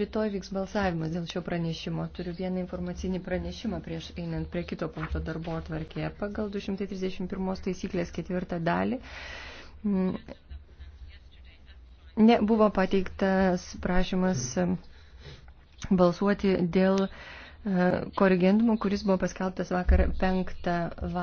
Rytoj vyks balsavimas dėl šio pranešimo. Turiu vieną informacinį pranešimą prieš einant prie kito punkto darbo atvarkėje. Pagal 231 taisyklės ketvirtą dalį mm, nebuvo pateiktas prašymas mm, balsuoti dėl e, korigendumų, kuris buvo paskelbtas vakar penktą valandą.